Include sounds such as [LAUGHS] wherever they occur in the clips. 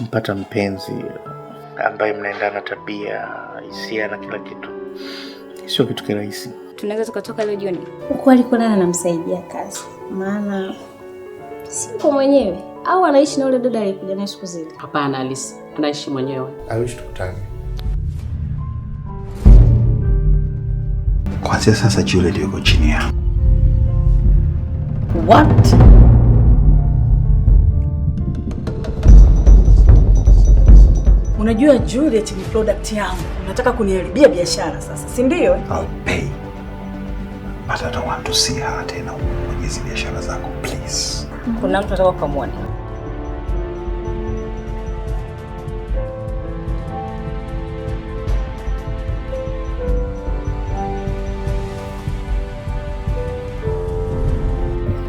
mpata mpenzi ambaye mnaendana tabia, hisia na kila kitu sio kitu kirahisi. Tunaweza tukatoka leo jioni huko alikonana, namsaidia kazi, maana siko mwenyewe. Au anaishi na ule dada aliyekuja naye siku zile? Hapana, Alice anaishi mwenyewe. Aishi tukutane kwanzia sasa. Juliet yuko chini yangu. What? Unajua Juliet ni product yangu. Unataka kuniharibia biashara sasa, si ndio? I'll pay. But I don't want to see her tena kwenye mwenyezi biashara zako please. Kuna mtu anataka kumwona.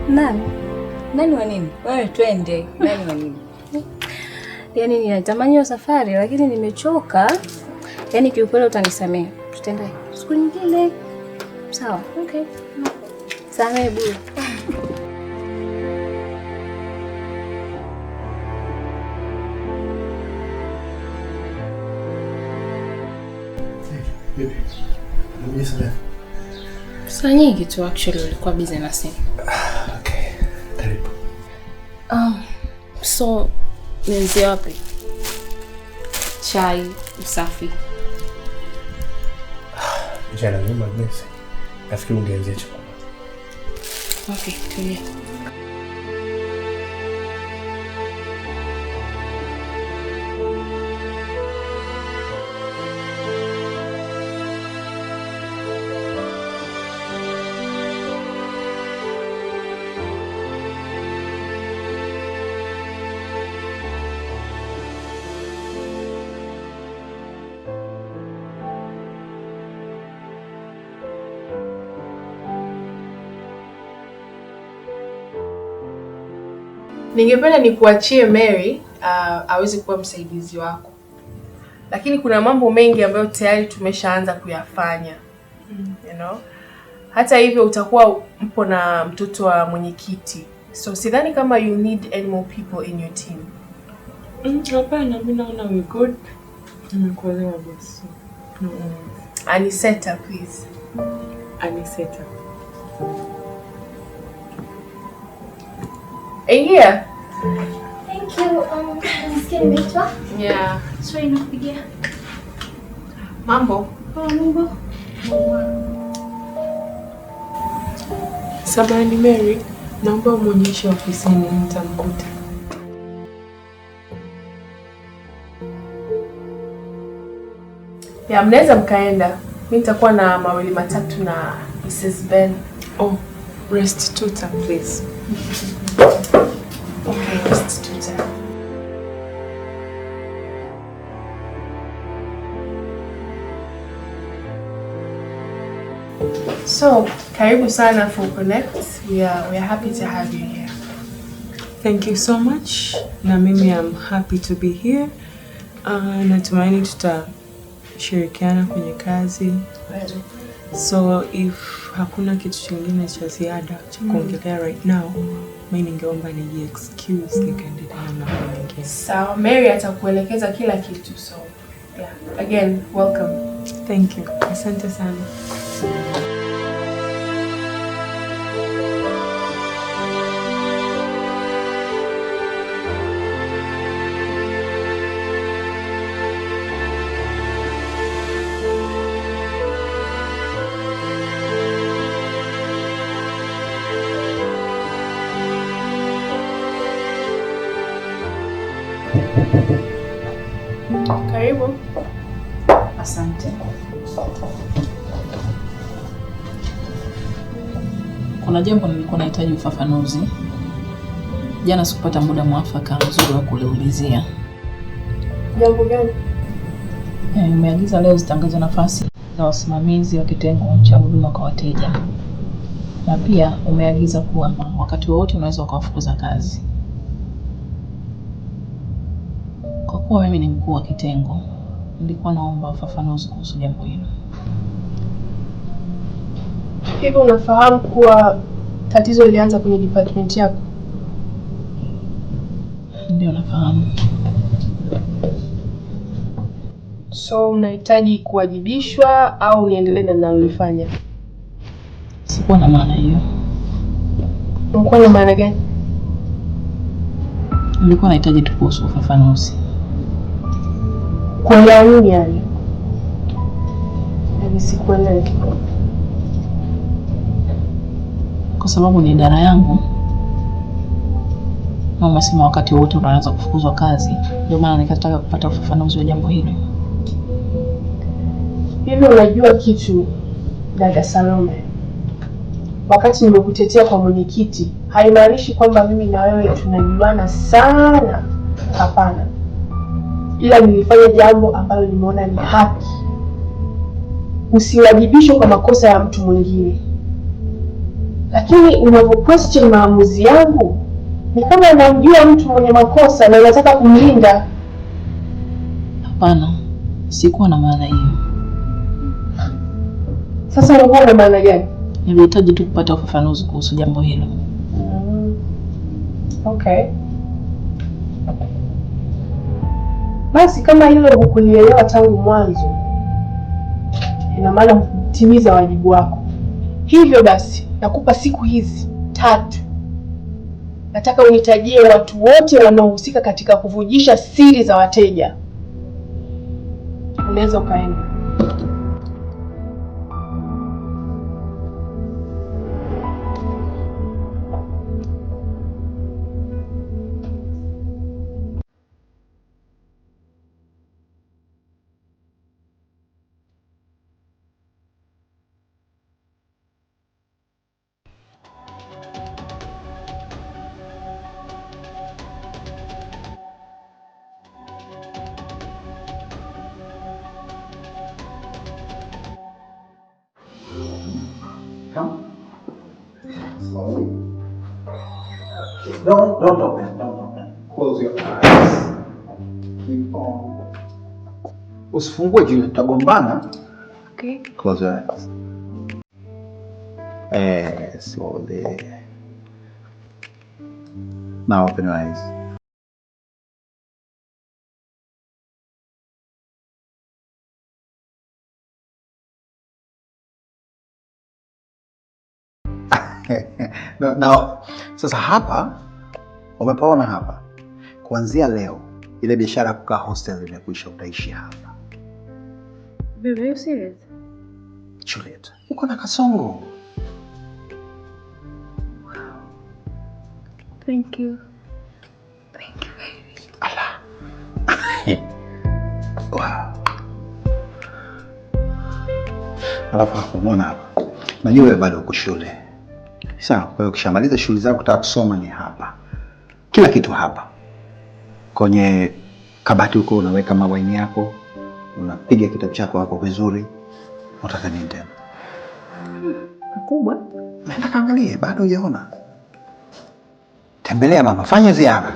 Nani? Nani wa nini? Wewe twende. Nani wa nini? [LAUGHS] yani ninatamani hiyo safari lakini nimechoka. yani kiukweli utanisamehe. Tutaenda siku nyingine. Sawa. Okay. Samehe bure. Saa nyingi tu actually ulikuwa busy na simu. Ah, okay. Karibu. Um, so Nianzie wapi? Chai, usafi. Jana [SIGHS] nyuma Nafikiri ungeanzia chakula. Okay, tulia. ningependa nikuachie Mary uh, aweze kuwa msaidizi wako, lakini kuna mambo mengi ambayo tayari tumeshaanza kuyafanya mm. you know? Hata hivyo utakuwa mpo na mtoto wa mwenyekiti, so sidhani kama you need any more people in your team. Mm, hapana, mimi naona we good. Nimekuelewa boss. Aniseta please. Aniseta. yeah nisikia nimeitwa. Yeah. So inakupigia. Mambo. Oh, mambo. Mary, naomba umuonyeshe ofisini nitamkuta. Ya, mnaweza mkaenda. Mi nitakuwa na mawili matatu na Mrs. Ben. Oh, restituta please. [LAUGHS] Okay, restituta. So, karibu sana for Connect. We are, we are happy to have you here. Thank you so much. Na mimi I'm happy to be here. Uh, natumaini tutashirikiana kwenye kazi. So if hakuna kitu chingine cha ziada cha mm. kuongelea right now, mimi ningeomba niji excuse nikaendelea na mambo mengine. Sawa, Mary atakuelekeza kila kitu. So, yeah. Again, welcome. Thank you. Asante sana. Karibu. Asante. Kuna jambo nilikuwa nahitaji ufafanuzi. Jana sikupata muda mwafaka mzuri wa kuliulizia. Jambo gani? Nimeagiza eh, leo zitangaza nafasi za wasimamizi wa kitengo cha huduma kwa wateja, na pia umeagiza kuwa wakati wowote unaweza ukawafukuza kazi. kuwa mimi ni mkuu wa kitengo, nilikuwa naomba ufafanuzi kuhusu jambo hilo. Hivi unafahamu kuwa tatizo lilianza kwenye department yako? Ndio, nafahamu. So unahitaji kuwajibishwa au niendelee na ninalolifanya? Sikuwa na maana hiyo. Ulikuwa na maana gani? Nilikuwa nahitaji tu kuhusu ufafanuzi kwa yauni yani, sikuelewi kwa sababu ni idara yangu mama, sema wakati wote unaweza kufukuzwa kazi. Ndio maana nikataka kupata ufafanuzi wa jambo hilo. Hivi unajua kitu dada Salome, wakati nimekutetea kwa mwenyekiti haimaanishi kwamba mimi na wewe tunajuana sana, hapana ila nilifanya jambo ambalo nimeona ni haki. Usiwajibishwe kwa makosa ya mtu mwingine, lakini unavyo question maamuzi yangu ni kama unamjua mtu mwenye makosa na unataka kumlinda. Hapana, sikuwa na maana hiyo. Sasa ulikuwa na maana gani? Nilihitaji tu kupata ufafanuzi kuhusu jambo hilo. Mm. Okay. Basi kama hilo hukunielewa tangu mwanzo, ina maana hukutimiza wajibu wako. Hivyo basi nakupa siku hizi tatu, nataka unitajie watu wote wanaohusika katika kuvujisha siri za wateja. Unaweza ukaenda. Don't, don't open, don't open. Close your eyes. Keep on. Usifungue utagombana. Né? Okay. Close your eyes. Eh, slowly. Now open your eyes. na, na sasa hapa umepaona hapa, kuanzia leo ile biashara ya kukaa hostel imekwisha, utaishi hapa. Baby, you serious? Juliet, uko na kasongo. Wow. Thank you. Thank you, baby. Ala. [LAUGHS] Wow. Alafu hapo, mbona hapa, najua bado uko shule Sawa. Kwa hiyo ukishamaliza shughuli zako utaka kusoma ni hapa, kila kitu hapa kwenye kabati huko, unaweka mawaini yako, unapiga kitabu chako hapo vizuri. Unataka nini tena? Mkubwa, nenda kaangalie, bado hujaona. Tembelea mama, fanya ziara.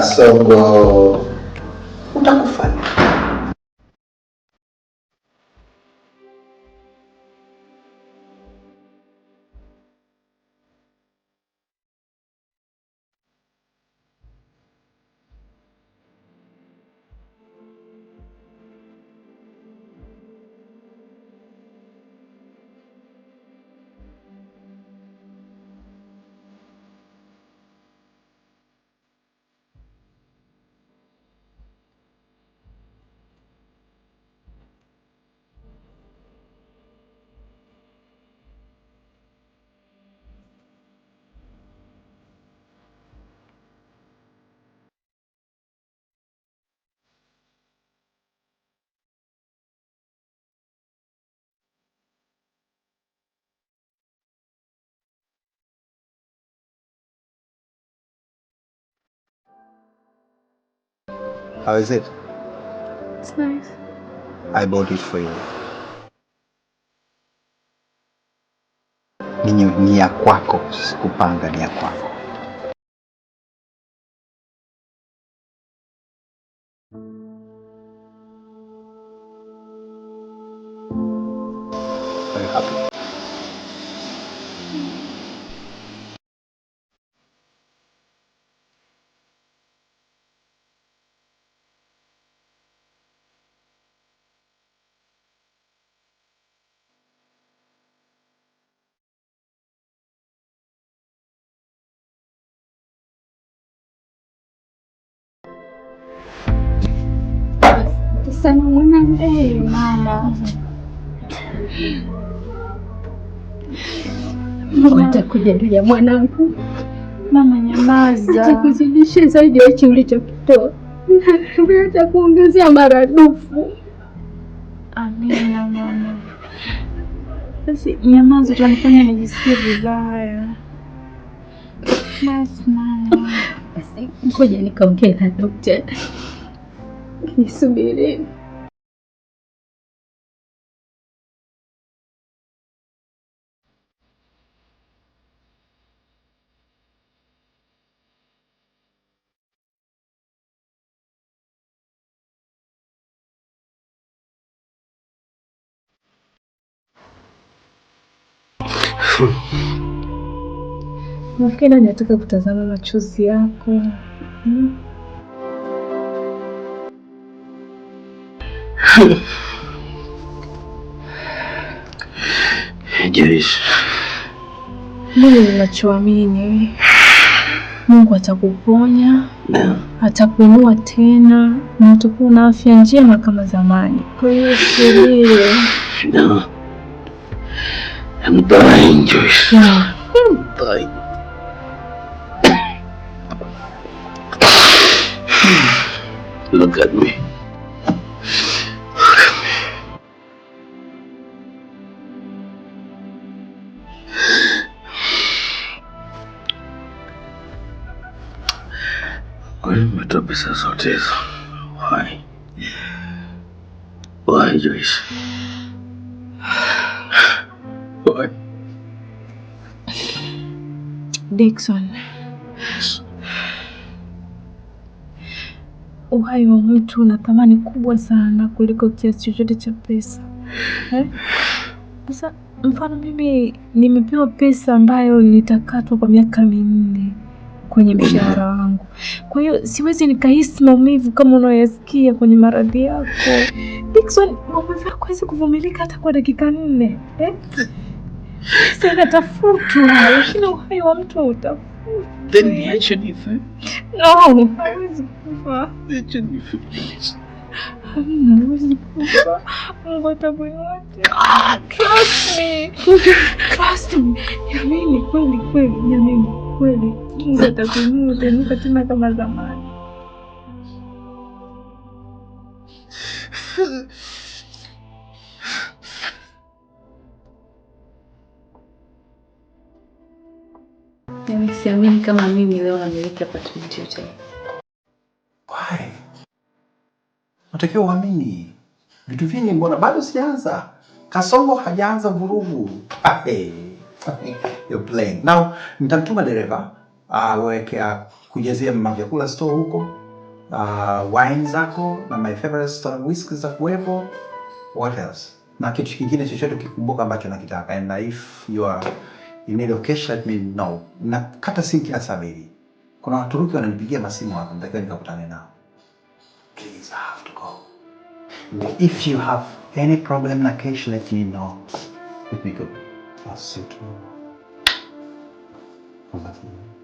comunicação do. O Taco How is it? It's nice. I bought it for you. Ni ya kwako, sikupanga, ni ya kwako. sana mwanangu. Hey, mama watakujalia mwanangu. Mama nyamaza, atakuzidishia zaidi ya hichi ulichokitoa, atakuongezea maradufu. Amina mama. Basi nyamaza, utanifanya nijisikie vibaya. Basi mama, basi ngoja nikaongea na daktari. Nisubirini. Nafikiri nataka kutazama machozi yako. Hmm. Jerisha, mimi ninachoamini Mungu atakuponya yeah. Atakuinua tena na utakuwa na afya njema kama zamani. Kwa hiyo silie. No. I'm dying, Joyce. Yeah. I'm dying. Look at me. pesa zote hizo? Why? Why, Joyce? Why? Dixon. Yes. Uhai wa mtu una thamani kubwa sana kuliko kiasi chochote cha pesa. Eh? Sasa eh? Mfano mimi nimepewa pesa ambayo nitakatwa kwa miaka minne kwenye mshahara wangu. Kwa hiyo siwezi nikahisi maumivu kama unayoyasikia kwenye maradhi yako Dickson. Maumivu yako hawezi kuvumilika hata kwa dakika nne eh? Sasa inatafutwa, lakini uhai wa mtu hautafutwi. Then niache nife? No, hawezi kufa. Niache nife please. Hamna, huwezi kufa. Mungu atakuinua tena. Ah! Trust me. Trust me. Yamini kweli kweli, yamini kweli Mungu atakuinua utainuka tena kama zamani. Yaani siamini kama mimi leo namiliki apartment yote. Why? Natakiwa uamini vitu vingi, mbona bado sijaanza. Kasongo hajaanza vurugu. [LAUGHS] your plane. Now nitamtuma dereva aweke uh, kujazia mama vyakula store huko uh, wine zako na my favorite store whisky za kuwepo, what else, na kitu kingine chochote kikumbuka ambacho nakitaka, and if you are you need a cash let me know. Na kata sinki ya sabiri, kuna Waturuki wananipigia masimu hapa, nitakiwa nikakutane nao. Please, I have to go. if you have any problem na cash let me know. Let me go. I'll see you tomorrow. 我们